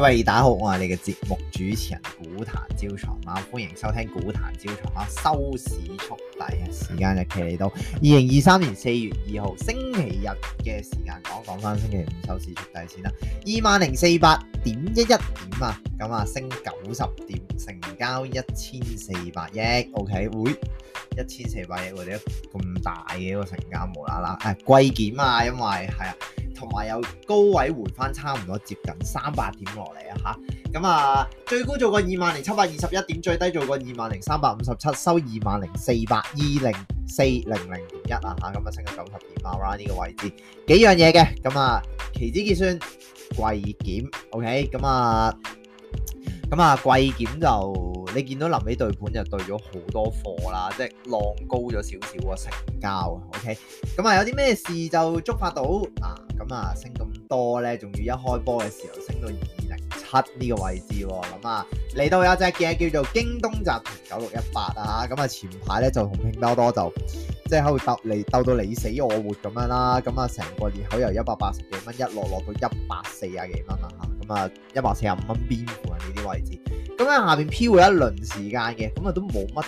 喂，大家好，我係你嘅節目主持人古壇招財貓，歡迎收聽古壇招財貓收市速遞啊！時間日期嚟到二零二三年四月二號星期日嘅時間，講講翻星期五收市速遞先啦。二萬零四百點一一點啊，咁啊升九十點，成交一千四百億。O K，會一千四百億，或者咁大嘅一個成交無端端，無啦啦係貴件啊，因為係啊。同埋有高位回翻，差唔多接近三百點落嚟啊！吓，咁啊，最高做過二萬零七百二十一點，最低做過二萬零三百五十七，收二萬零四百二零四零零一啊！吓，咁啊升咗九十點啊，好啦，呢個位置，幾樣嘢嘅，咁啊期指結算貴檢，OK，咁啊，咁啊，啊貴檢就。你見到臨尾對盤就對咗好多貨啦，即係浪高咗少少啊，成交啊，OK？咁啊，有啲咩事就觸發到啊？咁啊，升咁多咧，仲要一開波嘅時候升到二七呢個位置，咁啊嚟到有隻嘅叫做京東集團九六一八啊，咁啊前排咧就同拼多多就即係鬥嚟鬥到你死我活咁樣啦，咁啊成個裂口由一百八十幾蚊一落落到一百四十幾蚊啊，吓咁啊一百四十五蚊邊盤？呢啲、啊、位置，咁、啊、喺下邊飄一輪時間嘅，咁啊都冇乜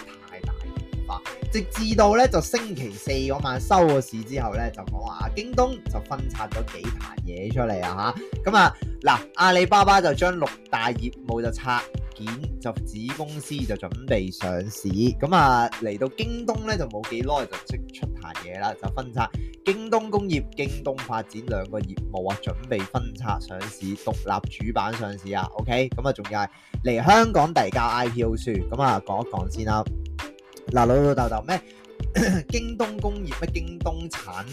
直至到咧就星期四嗰晚收咗市之後咧，就講話京東就分拆咗幾壇嘢出嚟啊嚇！咁啊嗱，阿里巴巴就將六大業務就拆件，就子公司就準備上市。咁啊嚟到京東咧，就冇幾耐就即出壇嘢啦，就分拆京東工業、京東發展兩個業務啊，準備分拆上市，獨立主板上市啊。OK，咁啊仲有嚟香港遞交 IPO 書，咁啊講一講先啦。嗱老老豆豆咩？京東工業咩？京東產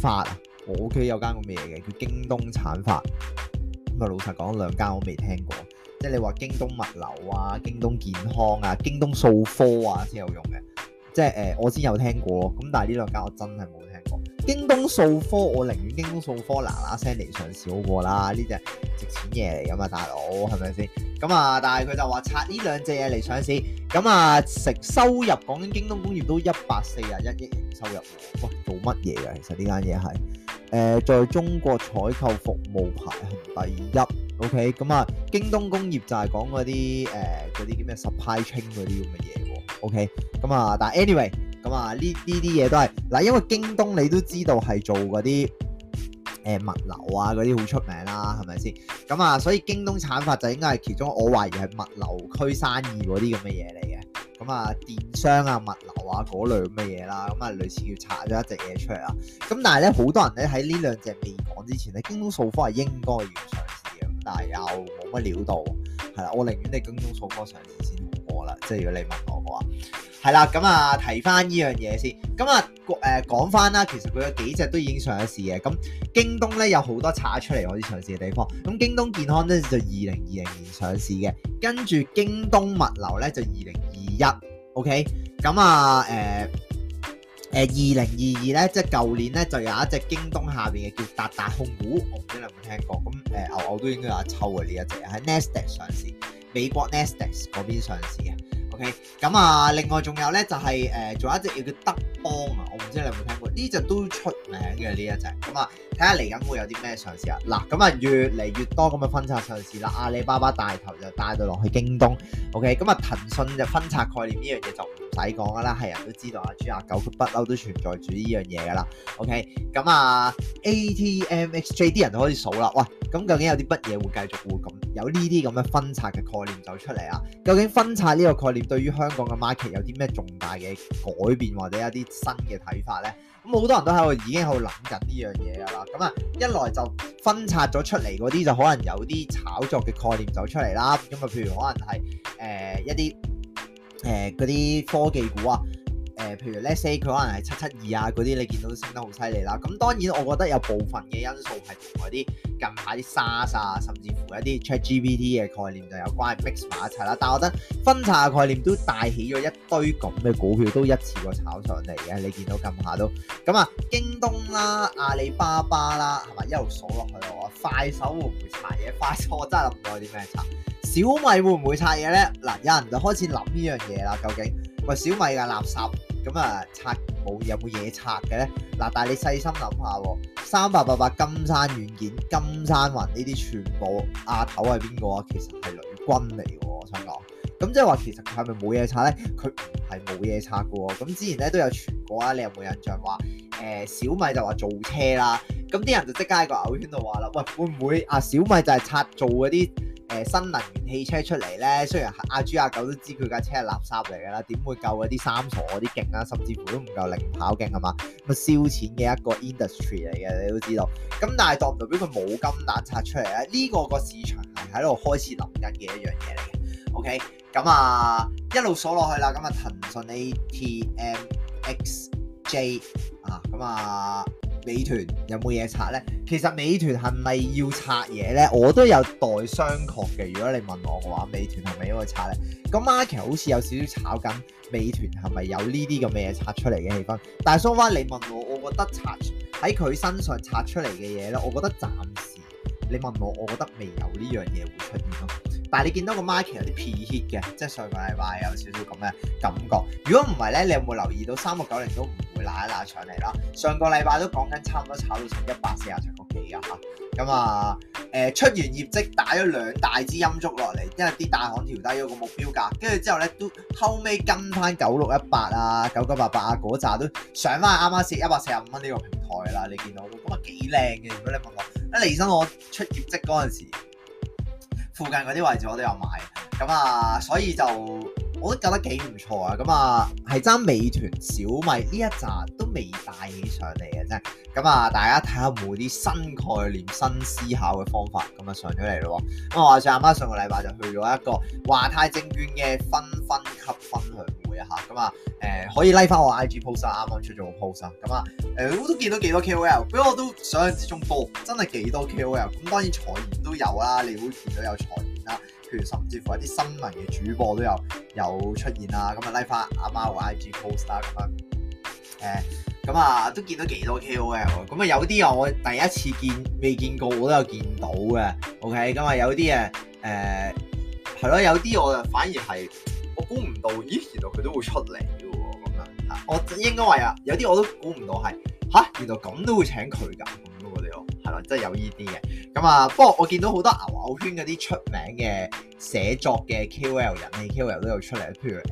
發我屋企有間咁嘅嘢嘅，叫京東產發。咁啊老實講兩間我未聽過，即係你話京東物流啊、京東健康啊、京東數科啊先有用嘅，即係誒我先有聽過咯。咁但係呢兩間我真係冇聽。哦、京東數科，我寧願京東數科嗱嗱聲嚟上市好過啦，呢隻值錢嘢嚟噶嘛，大佬係咪先？咁啊，但係佢就話拆呢兩隻嘢嚟上市，咁啊，成收入講緊京東工業都一百四十一億營收入，喂，做乜嘢噶？其實呢間嘢係誒，在、呃、中國採購服務排行第一，OK，咁啊，京東工業就係講嗰啲誒嗰、呃、啲叫咩 supply chain 嗰啲咁嘅嘢，OK，咁啊，但係 anyway。咁啊，呢呢啲嘢都係嗱，因為京東你都知道係做嗰啲誒物流啊嗰啲好出名啦，啊，係咪先？咁、嗯、啊、嗯，所以京東產發就應該係其中我懷疑係物流區生意嗰啲咁嘅嘢嚟嘅。咁、嗯、啊，電商啊、物流啊嗰類咁嘅嘢啦，咁、嗯、啊類似要拆咗一隻嘢出嚟啦。咁、嗯、但係咧，好多人咧喺呢兩隻未講之前咧，京東數科係應該要上市嘅，咁但係又冇乜料到，係啦。我寧願你京東數科上市先好過啦，即係如果你問我嘅話。係啦，咁啊提翻呢樣嘢先，咁啊誒講翻啦，其實佢有幾隻都已經上市嘅，咁京東咧有好多拆出嚟可以上市嘅地方，咁京東健康咧就二零二零年上市嘅，跟住京東物流咧就二零二一，OK，咁啊誒誒二零二二咧，即係舊年咧就有一隻京東下邊嘅叫達達控股，我唔知你有冇聽過？咁誒牛牛都應該有抽嘅呢一隻喺 Nasdaq 上市，美國 Nasdaq 嗰邊上市嘅。咁啊、okay, 嗯，另外仲有咧，就係、是、誒，仲、呃、有一隻叫德邦啊，我唔知你有冇聽過，呢隻都出名嘅呢一隻。咁、嗯、啊，睇下嚟緊會有啲咩嘢上市啊。嗱，咁、嗯、啊，越嚟越多咁嘅分拆上市啦。阿里巴巴大頭就帶到落去京東。OK，咁、嗯、啊，騰訊就分拆概念呢樣嘢就。唔使講噶啦，係人都知道阿豬阿狗，不嬲都存在住呢樣嘢噶啦。OK，咁啊，ATMXJ 啲人就開始數啦。喂，咁究竟有啲乜嘢會繼續會咁有呢啲咁嘅分拆嘅概念走出嚟啊？究竟分拆呢個概念對於香港嘅 market 有啲咩重大嘅改變或者一啲新嘅睇法咧？咁好多人都喺度已經喺度諗緊呢樣嘢噶啦。咁啊，一來就分拆咗出嚟嗰啲就可能有啲炒作嘅概念走出嚟啦。咁啊，譬如可能係誒、呃、一啲。誒嗰啲科技股啊。譬如 let's say 佢可能係七七二啊嗰啲，你見到都升得好犀利啦。咁當然我覺得有部分嘅因素係同嗰啲近排啲沙沙，甚至乎一啲 ChatGPT 嘅概念就有關 mix 埋一齊啦。但係我覺得分叉概念都帶起咗一堆咁嘅股票都一次過炒上嚟嘅，你見到咁下都咁啊，京東啦、啊、阿里巴巴啦、啊，係咪一路數落去喎。快手會唔會拆嘢？快手我真係諗唔到啲咩拆。小米會唔會拆嘢咧？嗱，有人就開始諗呢樣嘢啦。究竟喂，小米㗎垃圾？咁、嗯、啊，拆冇有冇嘢拆嘅咧？嗱，但係你細心諗下喎，三八八八金山軟件、金山雲呢啲全部阿頭係邊個啊？其實係雷軍嚟喎，我想講。咁即係話其實佢係咪冇嘢拆咧？佢唔係冇嘢拆嘅喎。咁、嗯、之前咧都有傳過啦，你有冇印象話？誒、欸、小米就話造車啦，咁啲人就即刻喺個牛圈度話啦，喂，會唔會啊小米就係拆造嗰啲？誒、呃、新能源汽車出嚟咧，雖然阿豬阿狗都知佢架車係垃圾嚟㗎啦，點會夠嗰啲三傻嗰啲勁啊？甚至乎都唔夠零跑勁啊嘛！咁、那個、燒錢嘅一個 industry 嚟嘅，你都知道。咁但係當唔代表佢冇金蛋拆出嚟咧？呢、這個個市場係喺度開始諗緊嘅一樣嘢嚟嘅。OK，咁啊，一路數落去啦。咁啊，騰訊 ATMXJ 啊，咁啊。美團有冇嘢拆咧？其實美團係咪要拆嘢咧？我都有待商榷嘅。如果你問我嘅話，美團係咪要拆咧？咁 market 好似有少少炒緊美團係咪有呢啲咁嘅嘢拆出嚟嘅氣氛？但係 so far 你問我，我覺得拆喺佢身上拆出嚟嘅嘢咧，我覺得暫時你問我，我覺得未有呢樣嘢會出現咯。但係你見到個 market 有啲偏 heat 嘅，即係上個禮拜有少少咁嘅感覺。如果唔係咧，你有冇留意到三六九零都唔會拉一拉上嚟啦？上個禮拜都講緊差唔多炒到成一百四十七個幾嘅嚇。咁啊誒出完業績打咗兩大支陰燭落嚟，因為啲大行調低咗個目標價，跟住之後咧都後尾跟翻九六一八啊、九九八八啊嗰扎都上翻啱啱先一百四十五蚊呢個平台啦。你見到咁啊幾靚嘅？如果你問我，阿黎生我出業績嗰陣時，附近嗰啲位置我都有買，咁啊，所以就我都覺得幾唔錯啊，咁啊，係爭美團、小米呢一紮都未帶起上嚟嘅啫，咁啊，大家睇下冇啲新概念、新思考嘅方法咁啊上咗嚟咯喎，咁啊，上次阿媽上個禮拜就去咗一個華泰證券嘅分分級分享。吓咁啊，誒、呃、可以拉翻我 IG post 啊，啱啱出咗個 post 啊，咁啊，誒都見到幾多 KOL，不比我都想象中多，真係幾多 KOL。咁當然財演都有啦，你會見到有財演啦，譬如甚至乎一啲新聞嘅主播都有有出現啦，咁啊拉翻阿媽和 IG post 啦。咁樣，誒、呃，咁啊都見到幾多 KOL，咁啊有啲又我第一次見未見過，我都有見到嘅。OK，咁啊有啲誒，誒係咯，有啲我就反而係。估唔到，咦？原來佢都會出嚟嘅喎，咁啊！我應該話呀，有啲我都估唔到係嚇，原來咁都會請佢噶，咁啊！我哋哦，係啦，真係有依啲嘅。咁啊，不過我見到好多牛牛圈嗰啲出名嘅寫作嘅 KOL 人氣 KOL 都有出嚟，譬如誒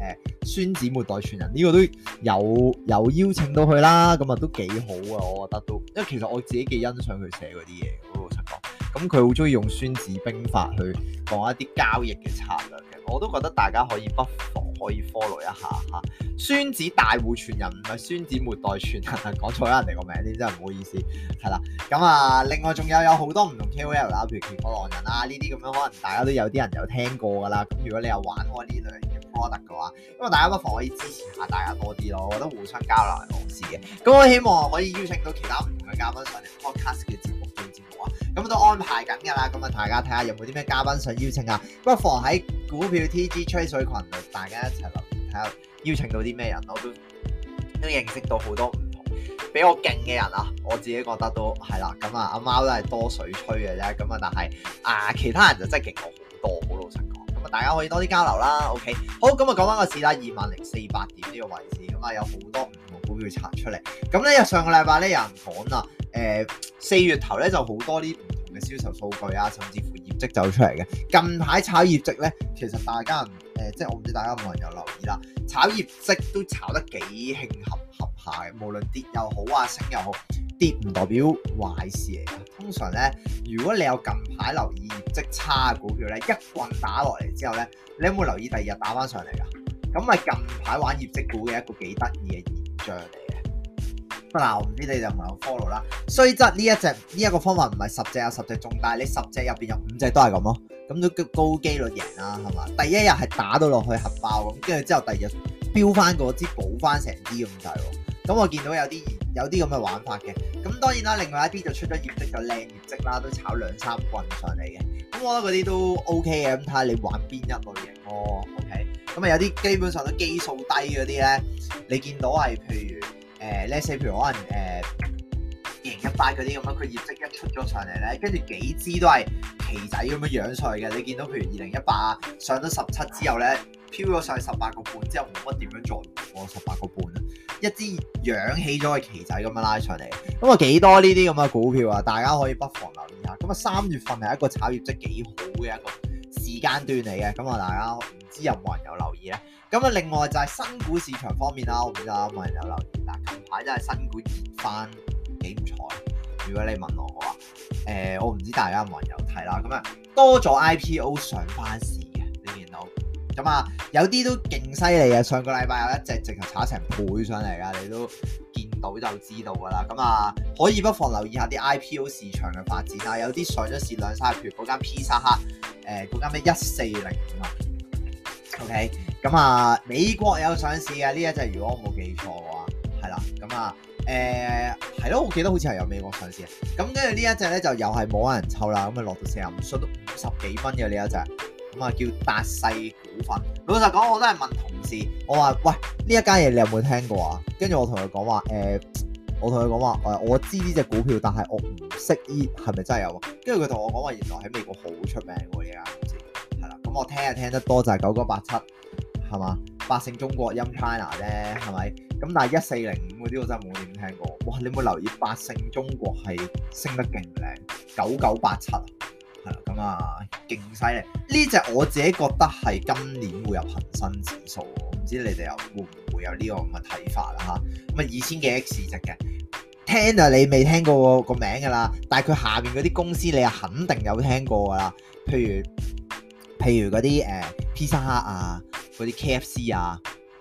孫、呃、子末代傳人呢，這個都有有邀請到佢啦，咁啊都幾好啊！我覺得都，因為其實我自己幾欣賞佢寫嗰啲嘢老實講，咁佢好中意用孫子兵法去講一啲交易嘅策略。我都覺得大家可以不妨可以 follow 一下嚇、啊，孫子大戶傳人唔係孫子末代傳人、啊，講錯咗人哋個名先，真係唔好意思，係啦。咁啊，另外仲有有好多唔同 K O L 啦，譬如波浪《奇波浪人》啊呢啲咁樣，可能大家都有啲人有聽過㗎啦。咁如果你有玩過呢類型嘅 product 嘅話，咁啊大家不妨可以支持下大家多啲咯，我覺得互相交流係好事嘅。咁我希望可以邀請到其他唔同嘅嘉賓上嚟 podcast 嘅。咁都安排緊㗎啦，咁啊大家睇下有冇啲咩嘉賓想邀請啊？不妨喺股票 TG 吹水群度，大家一齊留言睇下邀請到啲咩人咯，都都認識到好多唔同比較勁嘅人啊！我自己覺得都係啦，咁啊阿貓都係多水吹嘅啫，咁啊但係啊、呃、其他人就真係勁我好多，好老實講。咁啊大家可以多啲交流啦，OK？好，咁啊講翻個市啦，二萬零四百點呢個位置，咁啊有好多唔同股票拆出嚟。咁咧上個禮拜咧有人講啦～誒、呃、四月頭咧就好多啲唔同嘅銷售數據啊，甚至乎業績走出嚟嘅。近排炒業績咧，其實大家誒、呃、即係我唔知大家有冇人有留意啦。炒業績都炒得幾興合合下嘅，無論跌又好啊，升又好，跌唔代表壞事嚟嘅。通常咧，如果你有近排留意業績差嘅股票咧，一棍打落嚟之後咧，你有冇留意第二日打翻上嚟㗎？咁係近排玩業績股嘅一個幾得意嘅現象。嗱，呢啲就唔好 follow 啦。雖則呢一隻呢一個方法唔係十隻有十隻中，但係你十隻入邊有五隻都係咁咯，咁都叫高機率贏啦，係嘛？第一日係打到落去核爆咁，跟住之後第二日飆翻嗰支補翻成支咁滯喎。咁我見到有啲有啲咁嘅玩法嘅，咁當然啦，另外一啲就出咗業績就靚業績啦，都炒兩三棍上嚟嘅。咁我覺得嗰啲都 OK 嘅，咁睇下你玩邊一類型咯，OK？咁啊有啲基本上都基數低嗰啲咧，你見到係譬如。誒咧譬如可能誒，二零一八嗰啲咁樣，佢業績一出咗上嚟咧，跟住幾支都係旗仔咁樣樣上嚟嘅。你見到譬如二零一八上咗十七之後咧，飄咗上去十八個半之後，冇乜點樣再跌過十八個半啊，一支揚起咗嘅旗仔咁樣拉上嚟。咁啊，幾多呢啲咁嘅股票啊？大家可以不妨留意下。咁啊，三月份係一個炒業績幾好嘅一個時間段嚟嘅。咁啊，大家唔知有冇人有留意咧？咁啊，另外就係新股市場方面啦，我唔知有冇人有留意？牌真係新股熱翻，幾唔錯。如果你問我嘅話，誒、呃，我唔知大家有冇人有睇啦。咁啊，多咗 IPO 上翻市嘅，你見到咁啊，有啲都勁犀利嘅。上個禮拜有一隻直頭炒成倍上嚟㗎，你都見到就知道㗎啦。咁啊，可以不妨留意下啲 IPO 市場嘅發展啊。有啲上咗市兩三日，譬如嗰間披薩哈，誒，嗰間咩一四零啊，OK。咁啊，美國有上市嘅呢一隻，如果我冇記錯嘅話。啊，誒、嗯，係咯，我記得好似係有美國上市，咁跟住呢一隻咧就又係冇人抽啦，咁啊落到四十五、五十幾蚊嘅呢一隻，咁啊叫達勢股份。老實講，我都係問同事，我話喂，呢一間嘢你有冇聽過啊？跟住我同佢講話，誒、呃，我同佢講話，我知呢隻股票，但係我唔識呢係咪真係有。跟住佢同我講話，原來喺美國好出名喎呢間公司，係啦，咁我聽啊聽得多就係九九八七，係嘛？百勝中國 In China 咧，係咪？咁但係一四零五嗰啲我真係冇點聽過，哇！你有冇留意百勝中國係升得勁靚九九八七，係啦，咁啊勁犀利！呢隻我自己覺得係今年會有恒生指數，唔知你哋又會唔會有呢個咁嘅睇法啦？吓咁啊，二千幾 X 市值嘅，聽啊你未聽過個名噶啦，但係佢下邊嗰啲公司你又肯定有聽過噶啦，譬如譬如嗰啲誒 Pizza Hut 啊，嗰啲 K F C 啊，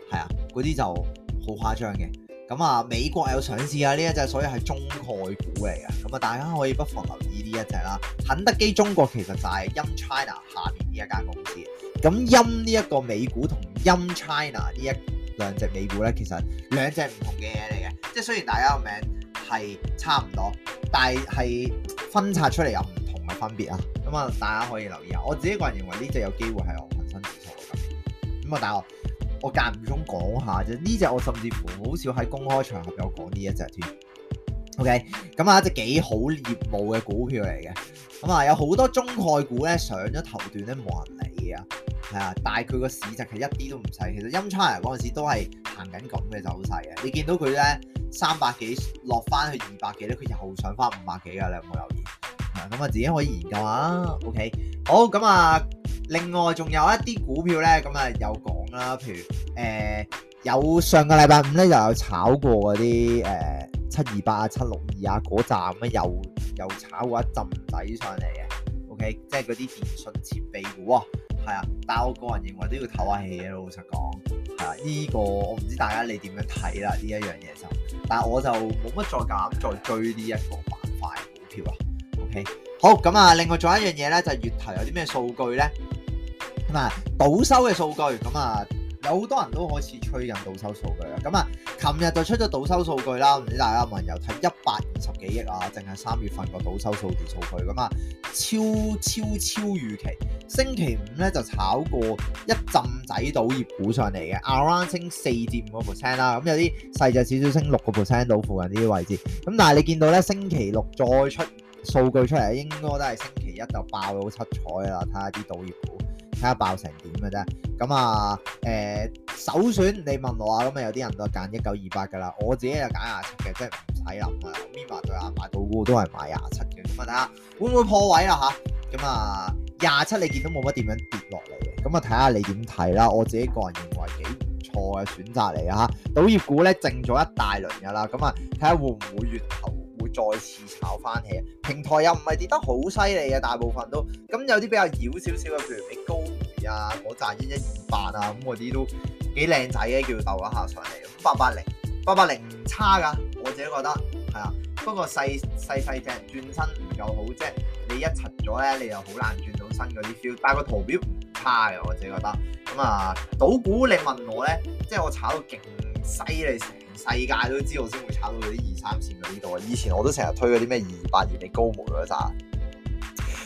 係啊，嗰啲就。好誇張嘅，咁、嗯、啊美國有上市啊呢一隻，所以係中概股嚟嘅，咁、嗯、啊大家可以不妨留意呢一隻啦。肯德基中國其實就係 Yum China 下面呢一間公司，咁 Yum 呢一個美股同 Yum China 呢一兩隻美股咧，其實兩隻唔同嘅嘢嚟嘅，即係雖然大家個名係差唔多，但係係分拆出嚟有唔同嘅分別啊，咁、嗯、啊、嗯嗯、大家可以留意下。我自己個人認為呢隻有機會係我橫身止錯咁，咁我大家。我間唔中講下啫，呢隻我甚至乎好少喺公開場合有講呢一隻添。OK，咁啊，一隻幾好業務嘅股票嚟嘅，咁啊有好多中概股咧上咗頭段咧冇人理啊，係啊，但係佢個市值係一啲都唔細，其實陰差人嗰陣時都係行緊咁嘅走勢嘅。你見到佢咧三百幾落翻去二百幾咧，佢又上翻五百幾㗎啦，你有冇留意？咁啊自己可以研究啦。OK，好咁啊。另外仲有一啲股票咧，咁啊有講啦，譬如誒、呃、有上個禮拜五咧就有炒過嗰啲誒七二八七六二啊嗰、嗰個、站咧，又又炒過一陣底上嚟嘅，OK，即係嗰啲電訊設備股啊，係啊，但係我個人認為都要唞下氣嘅，老實講，係啊，呢、呢個我唔知大家你點樣睇啦，呢一樣嘢就，但係我就冇乜再敢再追呢一個板塊股票啊，OK。好咁啊！另外仲有一樣嘢咧，就係、是、月頭有啲咩數據咧？嗱，賭收嘅數據咁啊，有好多人都開始吹緊賭收數據啦。咁啊，琴日就出咗賭收數據啦，唔知大家有冇人睇一百二十幾億啊？淨係三月份個賭收數字數據咁啊，超超超預期。星期五咧就炒過一浸仔賭業股上嚟嘅，around 升四點五個 percent 啦。咁有啲細隻少少升六個 percent 到附近呢啲位置。咁但係你見到咧，星期六再出。數據出嚟應該都係星期一就爆到七彩啦，睇下啲賭業股，睇下爆成點嘅啫。咁啊，誒、呃、首選你問我啊，咁啊有啲人都揀一九二八嘅啦，我自己又揀廿七嘅，即係唔使諗啊，我咪買對啊買到股都係買廿七嘅。咁啊睇下會唔會破位啦吓，咁啊廿七你見到冇乜點樣跌落嚟嘅，咁啊睇下你點睇啦。我自己個人認為幾唔錯嘅選擇嚟吓，賭業股咧淨咗一大輪嘅啦。咁啊睇下會唔會月頭。再次炒翻起，平台又唔係跌得好犀利嘅，大部分都咁，有啲比較妖少少嘅，譬如你高梅啊，我賺一一二八啊，咁嗰啲都幾靚仔嘅，叫鬥一下上嚟，咁八八零八八零唔差噶，我自己覺得係啊，不過細細細隻轉身唔夠好啫，你一沉咗咧，你又好難轉到身嗰啲 feel，但係個圖表唔差嘅，我自己覺得，咁啊，賭股你問我咧，即係我炒到勁犀利世界都知道，先會炒到嗰啲二三線嗰呢度。啊！以前我都成日推嗰啲咩二百二尾高模嗰啲渣。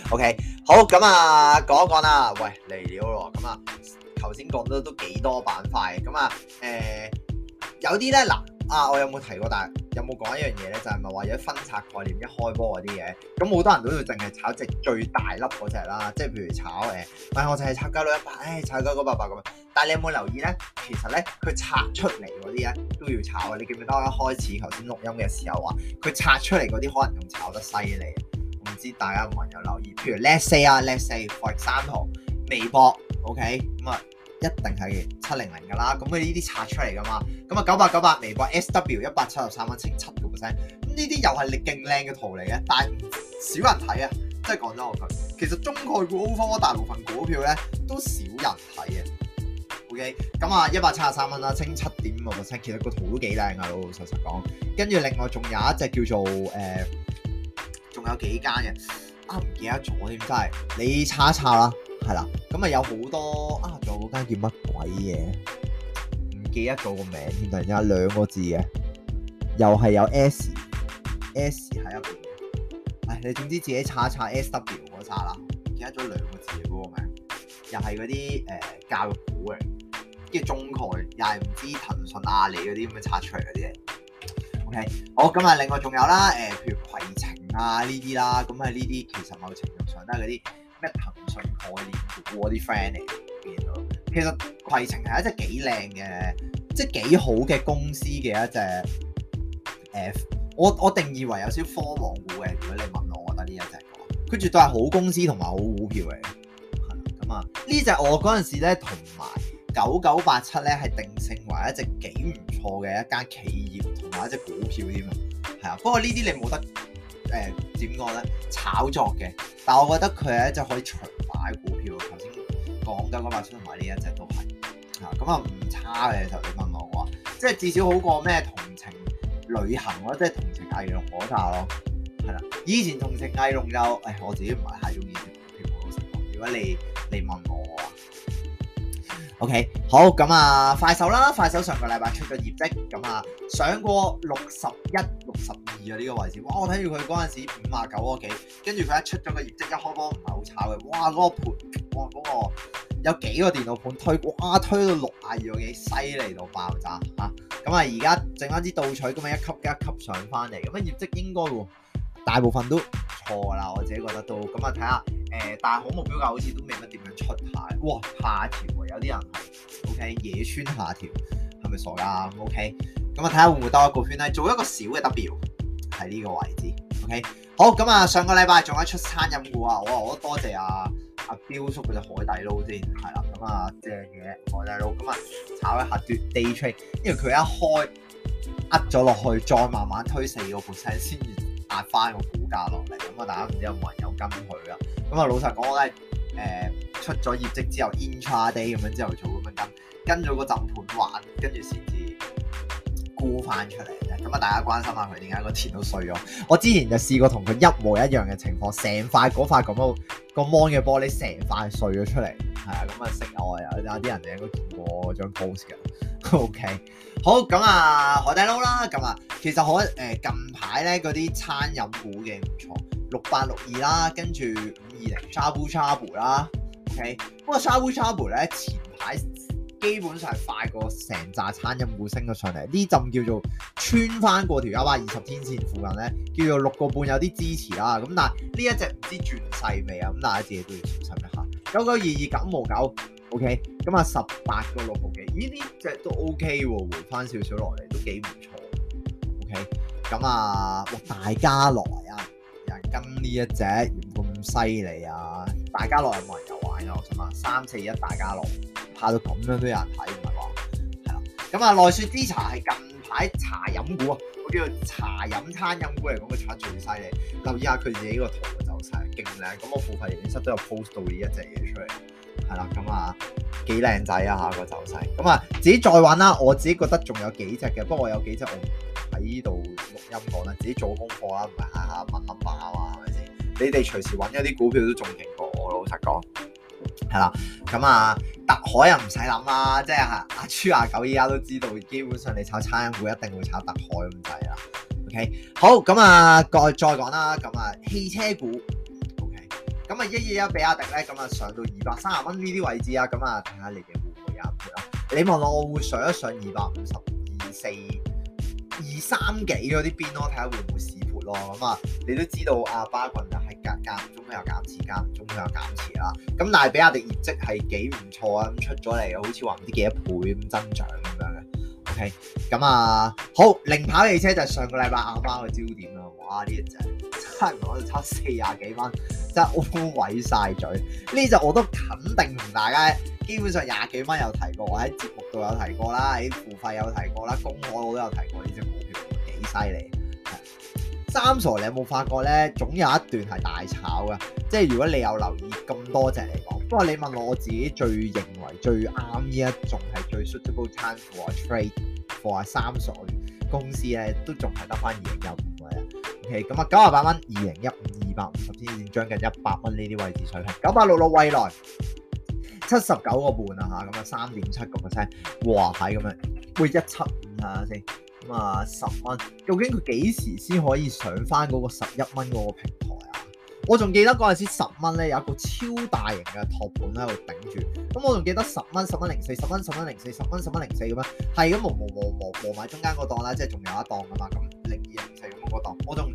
OK，好咁啊，講一講啦。喂，嚟料咯！咁啊，頭先講得都幾多板塊。咁啊，誒、呃，有啲咧嗱。啊！我有冇提過？但係有冇講一樣嘢咧？就係咪話有分拆概念一開波嗰啲嘢？咁好多人都要淨係炒隻最大粒嗰隻啦。即係譬如炒誒，喂、哎，我淨係炒九六一八，誒、哎，炒九九八八咁。但係你有冇留意咧？其實咧，佢拆出嚟嗰啲咧都要炒。你記唔記得我一開始頭先錄音嘅時候話，佢拆出嚟嗰啲可能仲炒得犀利。唔知大家有冇人有留意？譬如 Let's say 啊，Let's say for 三號微博 OK 咁啊。Okay? 一定係七零零噶啦，咁佢呢啲刷出嚟噶嘛，咁啊九百九百微博 S W 一百七十三蚊升七個 percent，咁呢啲又係你勁靚嘅圖嚟嘅，但係少人睇啊，即係講咗我句，其實中概股 OFO 大部分股票咧都少人睇嘅，OK，咁啊一百七十三蚊啦，升七點五個 percent，其實個圖都幾靚啊。老老實實講，跟住另外仲有一隻叫做誒，仲、呃、有幾間嘅，啊唔記得咗添，真係你查一查啦。係啦，咁啊有好多啊，仲有嗰間叫乜鬼嘢？唔記得咗個名添啊，突然有兩個字嘅，又係有 S S 喺入邊。唉、哎，你總之自己查一查 S W 嗰查啦，記得咗兩個字嗰個名，又係嗰啲誒教育股嚟，跟住中概，又係唔知騰訊、阿里嗰啲咁樣拆出嚟嗰啲。OK，好，咁啊，另外仲有啦，誒、呃，譬如攜程啊呢啲啦，咁啊呢啲其實某程度上都係嗰啲。咩騰訊概念股啊啲 friend 嚟嘅，見到其實攜程係一隻幾靚嘅，即係幾好嘅公司嘅一隻誒、欸，我我定義為有少科網股嘅。如果你問我，我覺得呢一隻，佢絕對係好公司同埋好股票嚟嘅。咁啊，呢隻我嗰陣時咧，同埋九九八七咧，係定性為一隻幾唔錯嘅一間企業同埋一隻股票添啊。係啊，不過呢啲你冇得。誒點講咧，炒作嘅，但係我覺得佢咧就可以除買股票。頭先講緊嗰把出同埋呢一隻都係，啊咁啊唔差嘅時候你問我，我話即係至少好過咩同情旅行咯，即係同程藝龍火炸咯，係啦。以前同程藝龍就誒、哎、我自己唔係太中意食股票，好食。如果你你問我啊，OK 好咁啊快手啦，快手上個禮拜出咗業績，咁啊上過六十一。十二啊呢個位置，哇！我睇住佢嗰陣時五啊九嗰幾，跟住佢一出咗個業績一開波唔係好炒嘅，哇！嗰個盤哇嗰個有幾個電腦盤推，哇！推到六啊二個幾，犀利到爆炸吓！咁啊而家剩翻支倒取咁樣一級一級上翻嚟，咁樣業績應該大部分都錯噶啦，我自己覺得都，咁啊睇下誒，但係好目標價好似都未乜點樣出下，哇！下調有啲人係，OK？野村下調係咪傻噶？OK？咁啊，睇下會唔會多一個圈咧？做一個小嘅 W 喺呢個位置，OK？好，咁啊，上個禮拜仲一出餐飲股啊，我我都多謝啊。阿、啊、彪叔嗰隻海底撈先，係啦，咁啊，正嘅海底撈咁啊，炒一下短 day trade，因為佢一開呃咗落去，再慢慢推四個 percent 先至壓翻個股價落嚟。咁啊，大家唔知有冇人有跟佢啊？咁啊，老實講，我都係誒出咗業績之後，intraday 咁樣之後做咁樣跟跟咗個陣盤玩，跟住先至。估翻出嚟嘅，咁啊，大家關心下佢點解個錢都碎咗？我之前就試過同佢一模一樣嘅情況，成塊嗰塊咁個 mon 嘅玻璃成塊碎咗出嚟，係、 okay，啊，咁啊識我啊，有啲人就應該見過張 post 嘅。OK，好咁啊，海底撈啦，咁啊，其實我誒、呃、近排咧嗰啲餐飲股嘅唔錯，六八六二啦，跟住五二零 Charbo Charbo 啦，OK，不過，Charbo Charbo 咧前排。基本上係快過成炸餐飲股升咗上嚟，呢陣叫做穿翻過條一百二十天線附近咧，叫做六個半有啲支持啊！咁但係呢一隻唔知轉勢未啊？咁大家自己都要小心一下。九九二二九毛九，OK？咁啊十八個六毫幾，咦呢隻都 OK 喎，回翻少少落嚟都幾唔錯。OK？咁啊大家樂啊，有人跟呢一隻咁犀利啊，大家樂有冇人有玩啊？我想問，三四一大家樂。怕到咁樣都有人睇，唔係話係啦。咁啊，奈雪啲茶係近排茶飲股啊，我叫茶飲餐飲股嚟講，佢茶最犀利。留意下佢自己個圖嘅走勢，勁靚。咁我付費編輯室都有 post 到呢一隻嘢出嚟，係啦。咁啊，幾靚仔啊吓個走勢。咁啊，自己再搵啦。我自己覺得仲有幾隻嘅，不過我有幾隻我喺呢度錄音講啦。自己做功課啦，唔係下下問下碼啊，係咪先？你哋隨時搵一啲股票都仲勁過我，老實講。係啦，咁啊，特海又唔使諗啦，即係阿阿豬阿狗依家都知道，基本上你炒餐飲股一定會炒特海咁滯啦。OK，好，咁啊，再再講啦，咁啊，汽車股，OK，咁啊，一一一比亞迪咧，咁啊，上到二百三十蚊呢啲位置啊，咁啊，睇下會會點點，你哋會唔會啱脫，你望落我會上一上二百五十二四二三幾嗰啲邊咯，睇下會唔會試破咯。咁啊，你都知道阿、啊、巴郡間中都有減持，間中都有減持啦。咁但係比亞迪業績係幾唔錯啊，咁出咗嚟好似話唔知幾多倍咁增長咁樣嘅。OK，咁啊，好，零跑汽車就上個禮拜阿媽嘅焦點啦。哇，呢隻差唔多就差四廿幾蚊，真係鬼晒嘴。呢隻我都肯定同大家，基本上廿幾蚊有提過，我喺節目度有提過啦，喺付費有提過啦，公開我都有提過，呢隻股票幾犀利。三傻，你有冇發覺咧？總有一段係大炒噶，即係如果你有留意咁多隻嚟講，不過你問我，我自己最認為最啱呢一種係最 suitable time to trade for 阿三傻公司咧，都仲係得翻二零一五位啊。OK，咁啊九十八蚊，二零一五二百五十先至將近一百蚊呢啲位置水平，九百六六未來七十九個半啊嚇，咁啊三點七個 percent，哇係咁樣 put 一七五下先。啊，十蚊，究竟佢幾時先可以上翻嗰個十一蚊嗰個平台啊？我仲記得嗰陣時十蚊咧，有一個超大型嘅托盤喺度頂住，咁我仲記得十蚊十蚊零四，十蚊十蚊零四，十蚊十蚊零四咁樣，係咁磨磨磨磨磨埋中間嗰檔啦，即係仲有一檔㗎嘛，咁零二零四咁嗰檔，我仲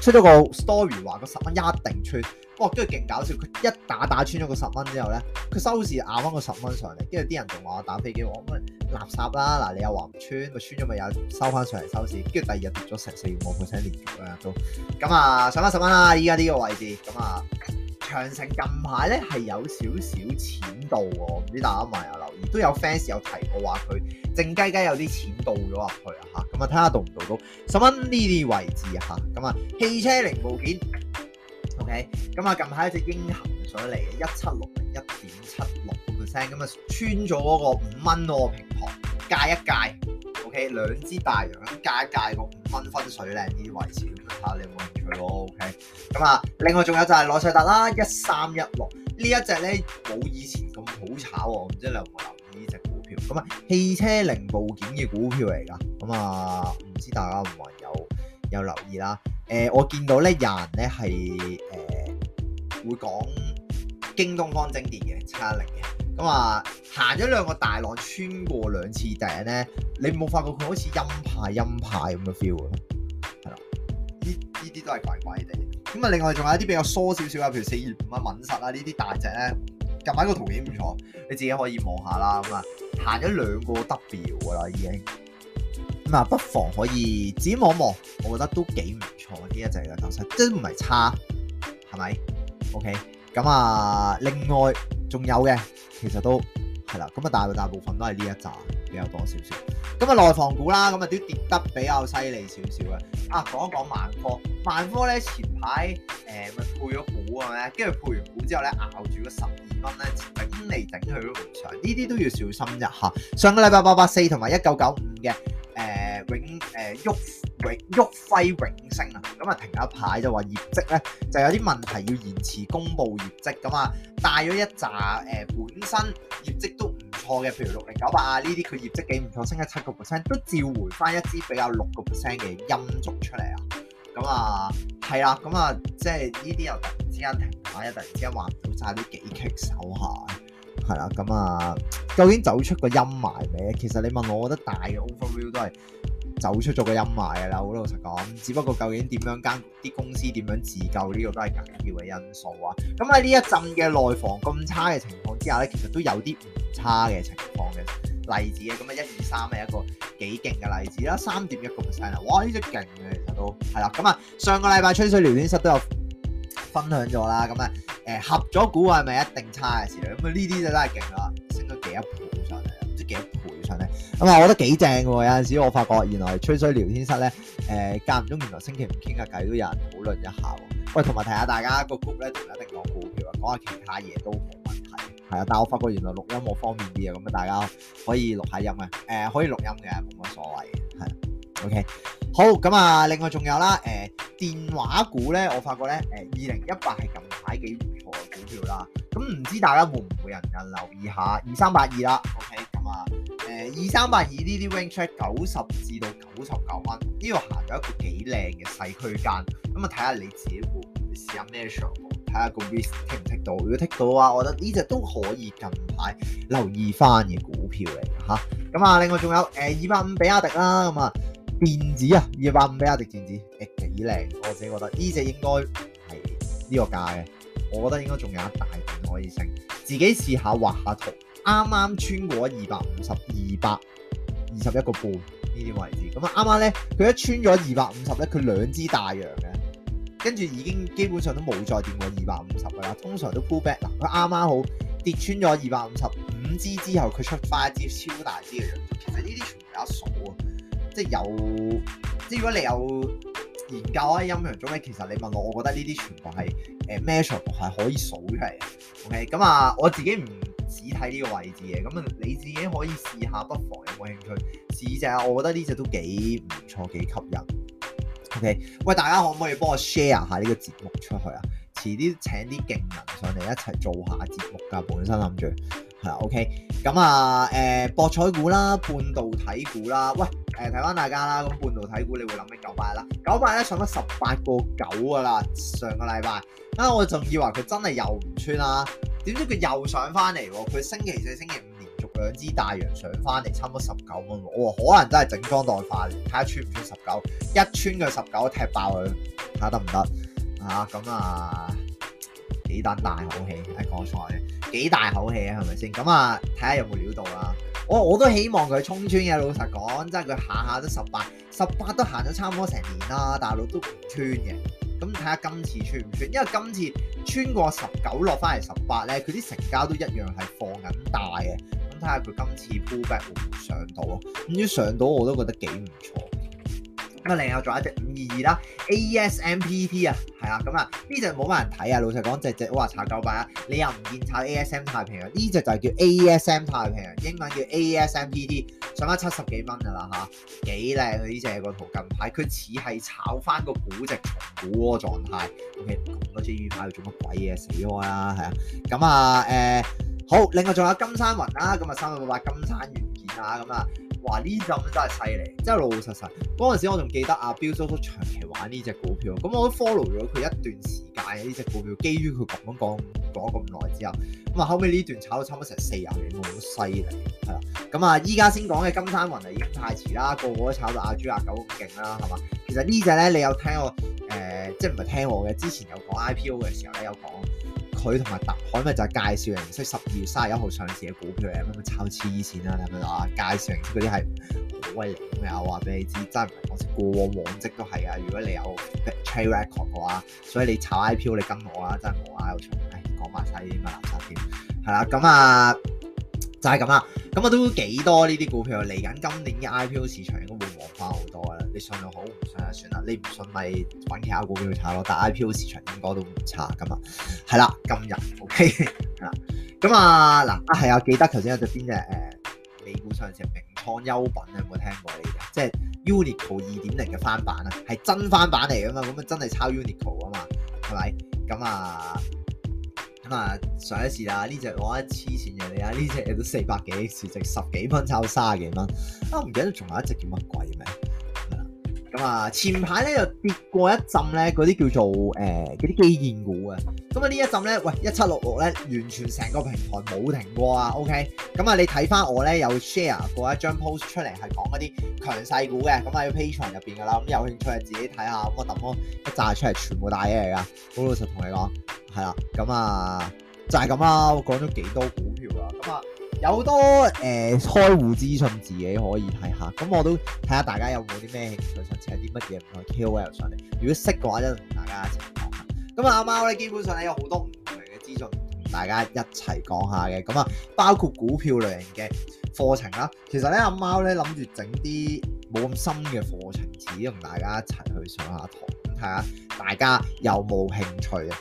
出咗個 story 話個十蚊一定出。哇！跟住勁搞笑，佢一打打穿咗個十蚊之後咧，佢收市壓翻個十蚊上嚟。跟住啲人仲話打飛機，我垃圾啦！嗱，你又話唔穿，佢穿咗咪又收翻上嚟收市。跟住第二日跌咗成四個 percent 連續兩日都咁啊，上翻十蚊啦！依家呢個位置咁啊、嗯，長城近排咧係有少少錢到喎，唔知大家咪有留意？都有 fans 有提過話佢靜雞雞有啲錢到咗入去啊吓，咁啊睇下到唔到到十蚊呢啲位置嚇咁啊，汽車零部件。OK，咁啊近排一隻英恒水嚟嘅一七六零一點七六個 percent，咁啊穿咗嗰個五蚊嗰個平台，戒一戒。OK，兩支大陽咁戒一戒。個五蚊分水嶺呢啲位置，咁睇下你有冇興趣咯，OK。咁啊，另外仲有就係耐世特啦，一三一六呢一隻咧冇以前咁好炒喎，唔知你有冇留意呢隻股票？咁、嗯、啊，汽車零部件嘅股票嚟噶，咁啊唔知大家有冇人有？有留意啦，誒、呃，我見到咧，人咧係誒會講京東方精電嘅七一零嘅，咁啊行咗兩個大浪，穿過兩次頂咧，你冇發覺佢好似陰派陰派咁嘅 feel 啊？係咯，呢呢啲都係怪怪地。咁、嗯、啊，另外仲有一啲比較疏少少啊，譬如四二五啊、敏實啊呢啲大隻咧，近排個圖片唔錯，你自己可以望下啦，咁啊行咗兩個 W 噶啦已經。咁啊，不妨可以指望一望，我覺得都幾唔錯呢一隻嘅頭勢，真唔係差，係咪？OK，咁啊，另外仲有嘅，其實都係啦，咁啊大大部分都係呢一隻比較多少少。咁啊內房股啦，咁啊都跌得比較犀利少少嘅。啊，講一講萬科，萬科咧前排誒咪、呃、配咗股啊咩，跟住配完股之後咧，咬住嗰十二蚊咧頂嚟頂去都唔長，呢啲都要小心啫下，上個禮拜八八四同埋一九九五嘅。誒、欸、永誒旭、欸、永旭輝永升啊，咁、嗯、啊停咗一排就話業績咧就有啲問題要延遲公布業績噶嘛，帶、嗯、咗一紮誒、嗯、本身業績都唔錯嘅，譬如六零九八啊呢啲佢業績幾唔錯，升咗七個 percent 都召回翻一支比較六個 percent 嘅陰燭出嚟啊，咁啊係啦，咁、嗯、啊即係呢啲又突然之間停牌啊，又突然之間話唔到晒啲幾棘手下，係啦咁啊。嗯嗯嗯究竟走出個陰霾未？其實你問我，我覺得大嘅 overview 都係走出咗個陰霾嘅啦。好老實講，只不過究竟點樣間啲公司點樣自救呢、呢個都係緊要嘅因素啊。咁喺呢一陣嘅內房咁差嘅情況之下咧，其實都有啲唔差嘅情況嘅例子啊。咁啊，一二三係一個幾勁嘅例子啦，三點一個 percent 啊！哇，呢隻勁嘅其實都係啦。咁啊，上個禮拜吹水聊天室都有分享咗啦。咁啊，誒、呃、合咗股係咪一定差嘅事？咁啊，呢啲就真係勁啦～幾多倍上嚟？唔知幾多倍上嚟？咁、嗯、啊，我覺得幾正喎。有陣時我發覺，原來吹水聊天室咧，誒、呃，間唔中原來星期五傾下偈都有人討論一下喎。喂，同埋睇下大家個 group 咧，唔一定講股票，講下其他嘢都冇問題。係啊，但係我發覺原來錄音我方便啲啊，咁啊，大家可以錄下音啊。誒、呃，可以錄音嘅，冇乜所謂嘅。係，OK。好，咁、嗯、啊，另外仲有啦，誒、呃，電話股咧，我發覺咧，誒、呃，二零一八係咁。買幾唔錯嘅股票啦，咁唔知大家會唔會有人留意下、OK？嗯、二三八二啦，OK 咁啊，誒二三八二呢啲 range check 九十至到九十九蚊，呢度，行咗一個幾靚嘅細區間，咁啊睇下你自己會唔會試下咩嘢上，睇下個 risk tick 唔剔到，如果剔到啊，我覺得呢隻都可以近排留意翻嘅股票嚟吓。咁、嗯、啊另外仲有誒二百五比亞迪啦，咁啊電子啊二百五比亞迪電子誒幾靚，我自己覺得呢隻應該係呢個價嘅。我覺得應該仲有一大段可以升，自己試下畫下圖。啱啱穿過二百五十二百二十一個半呢啲位置，咁啊啱啱咧佢一穿咗二百五十咧，佢兩支大陽嘅，跟住已經基本上都冇再掂過二百五十噶啦。通常都 pull back 嗱，佢啱啱好跌穿咗二百五十五支之後，佢出返一支超大支嘅陽。其實呢啲全部都有數啊，即係有，即係如果你有。研究啊，陰陽中咧，其實你問我，我覺得呢啲全部係誒 match，係可以數出嚟嘅。OK，咁、嗯、啊，我自己唔止睇呢個位置嘅，咁、嗯、啊你自己可以試下，不妨有冇興趣試隻啊？我覺得呢隻都幾唔錯，幾吸引。OK，喂，大家可唔可以幫我 share 下呢個節目出去啊？遲啲請啲勁人上嚟一齊做一下節目㗎，本身諗住係啊。OK，咁啊，誒、嗯嗯嗯、博彩股啦，半導體股啦，喂。誒睇翻大家啦，咁半導體股你會諗起九百啦，九百咧上咗十八個九噶啦，上個禮拜啊，我仲以為佢真係又唔穿啦、啊，點知佢又上翻嚟喎，佢星期四、星期五連續兩支大陽上翻嚟，差唔多十九蚊喎，可能真係整裝待發嚟睇下穿唔穿十九，一穿佢十九，踢爆佢，睇下得唔得啊？咁啊，幾啖大口氣喺國、哎、賽，幾大口氣啊？係咪先？咁啊，睇下有冇料到啦。我、哦、我都希望佢衝穿嘅，老實講，即係佢下下都十八，十八都行咗差唔多成年啦，大陸都唔穿嘅。咁睇下今次穿唔穿，因為今次穿過十九落翻嚟十八咧，佢啲成交都一樣係放緊大嘅。咁睇下佢今次 pull back 會唔會上到啊？咁、嗯、要上到我都覺得幾唔錯。咁啊，另外仲有一隻五二二啦，A S M P T 啊，係啊，咁啊呢隻冇乜人睇啊，老實講，只隻嘩炒夠曬啦，你又唔見炒 A S M 太平洋？呢隻就係叫 A S M 太平洋，英文叫 A S M P T，上咗七十幾蚊噶啦吓，幾靚啊呢隻個圖，近排佢似係炒翻個估值重估個狀態。OK，咁多支煙牌佢做乜鬼嘢死開啦？係啊，咁啊誒、啊呃、好，另外仲有金山雲啦，咁啊三六八金山軟件啊，咁啊。話呢陣真係犀利，真係老老實實。嗰陣時我仲記得阿彪叔叔長期玩呢隻股票，咁我都 follow 咗佢一段時間呢隻股票。基於佢講講講咁耐之後，咁啊後尾呢段炒到差唔多成四廿幾，好犀利係啦。咁啊依家先講嘅金山雲嚟已經太遲啦，個個都炒到阿豬阿狗咁勁啦，係嘛？其實隻呢隻咧你有聽我誒、呃，即係唔係聽我嘅？之前有講 IPO 嘅時候咧有講。佢同埋特海咪就係介紹形式十二月三十一號上市嘅股票嚟，咁樣炒黐線啊，係咪啊？介紹形式嗰啲係好威力嘅，有話俾你知，真係唔係我過往即都係啊。如果你有 trade record 嘅話，所以你炒 IPO 你跟我啦，真係我啊又從講埋晒啲咁嘅垃圾添，係啦，咁啊。就係咁啦，咁我都幾多呢啲股票嚟緊，今年嘅 IPO 市場應該會旺翻好多啦。你信就好，唔信啊算啦，你唔信咪揾其他股票去炒咯。但 IPO 市場應該都唔差噶嘛，係啦，今日 OK 啊，咁啊嗱，係啊，啊，啊，啊，啊，記得頭先有隻邊隻誒美股上市名創優品有冇聽過你哋？即係 Uniqlo 二點零嘅翻版啊，係真翻版嚟噶嘛，咁啊真係抄 Uniqlo 啊嘛，係咪？咁啊。嗱、啊，上一次這這多多啊，呢隻我黐線嘅你啊，呢隻都四百幾，市值十幾蚊炒到三十幾蚊，啊唔記得咗仲有一隻叫乜鬼名？咁啊，前排咧又跌過一陣咧，嗰啲叫做誒嗰啲基建股啊。咁啊呢一陣咧，喂一七六六咧，完全成個平台冇停過啊。OK，咁啊你睇翻我咧有 share 過一張 post 出嚟，係講嗰啲強勢股嘅。咁啊喺 Patreon 入邊噶啦，咁有興趣啊自己睇下。咁我抌咗一炸出嚟，全部大嘢嚟噶。好老實同你講，係啦。咁啊就係咁啦，我講咗幾多股票啦。咁啊。有好多誒、呃、開戶資訊自己可以睇下，咁我都睇下大家有冇啲咩興趣，想請啲乜嘢唔同嘅 KOL 上嚟。如果識嘅話，一大家一齊講一下。咁啊，阿貓咧，基本上咧有好多唔同嘅資訊同大家一齊講一下嘅。咁啊，包括股票類型嘅課程啦。其實咧，阿、啊、貓咧諗住整啲冇咁深嘅課程，只同大家一齊去上下堂，睇下大家有冇興趣啊。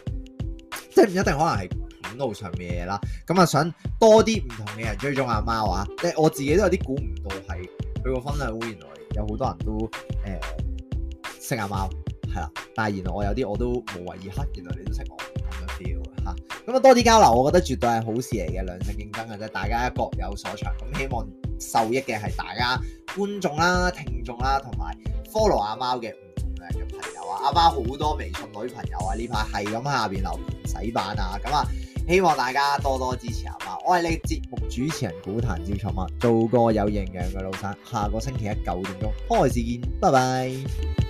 即係唔一定可能係。路上嘅嘢啦，咁啊想多啲唔同嘅人追蹤阿、啊、貓啊！即係我自己都有啲估唔到係佢個分享會原來有好多人都誒識阿貓係啦，但係原來我有啲我都無謂而黑，原來你都識我咁樣 feel 吓。咁啊多啲交流，我覺得絕對係好事嚟嘅，良性競爭嘅啫，大家各有所長。咁希望受益嘅係大家觀眾啦、聽眾啦，眾啦啊、同埋 follow 阿貓嘅唔同嘅朋友啊！阿、啊、貓好多微信女朋友啊，呢排係咁下邊留言洗版啊，咁啊～希望大家多多支持啊！我係你的節目主持人股壇招財貓，做個有營養嘅老生。下個星期一九點鐘開市見，拜拜。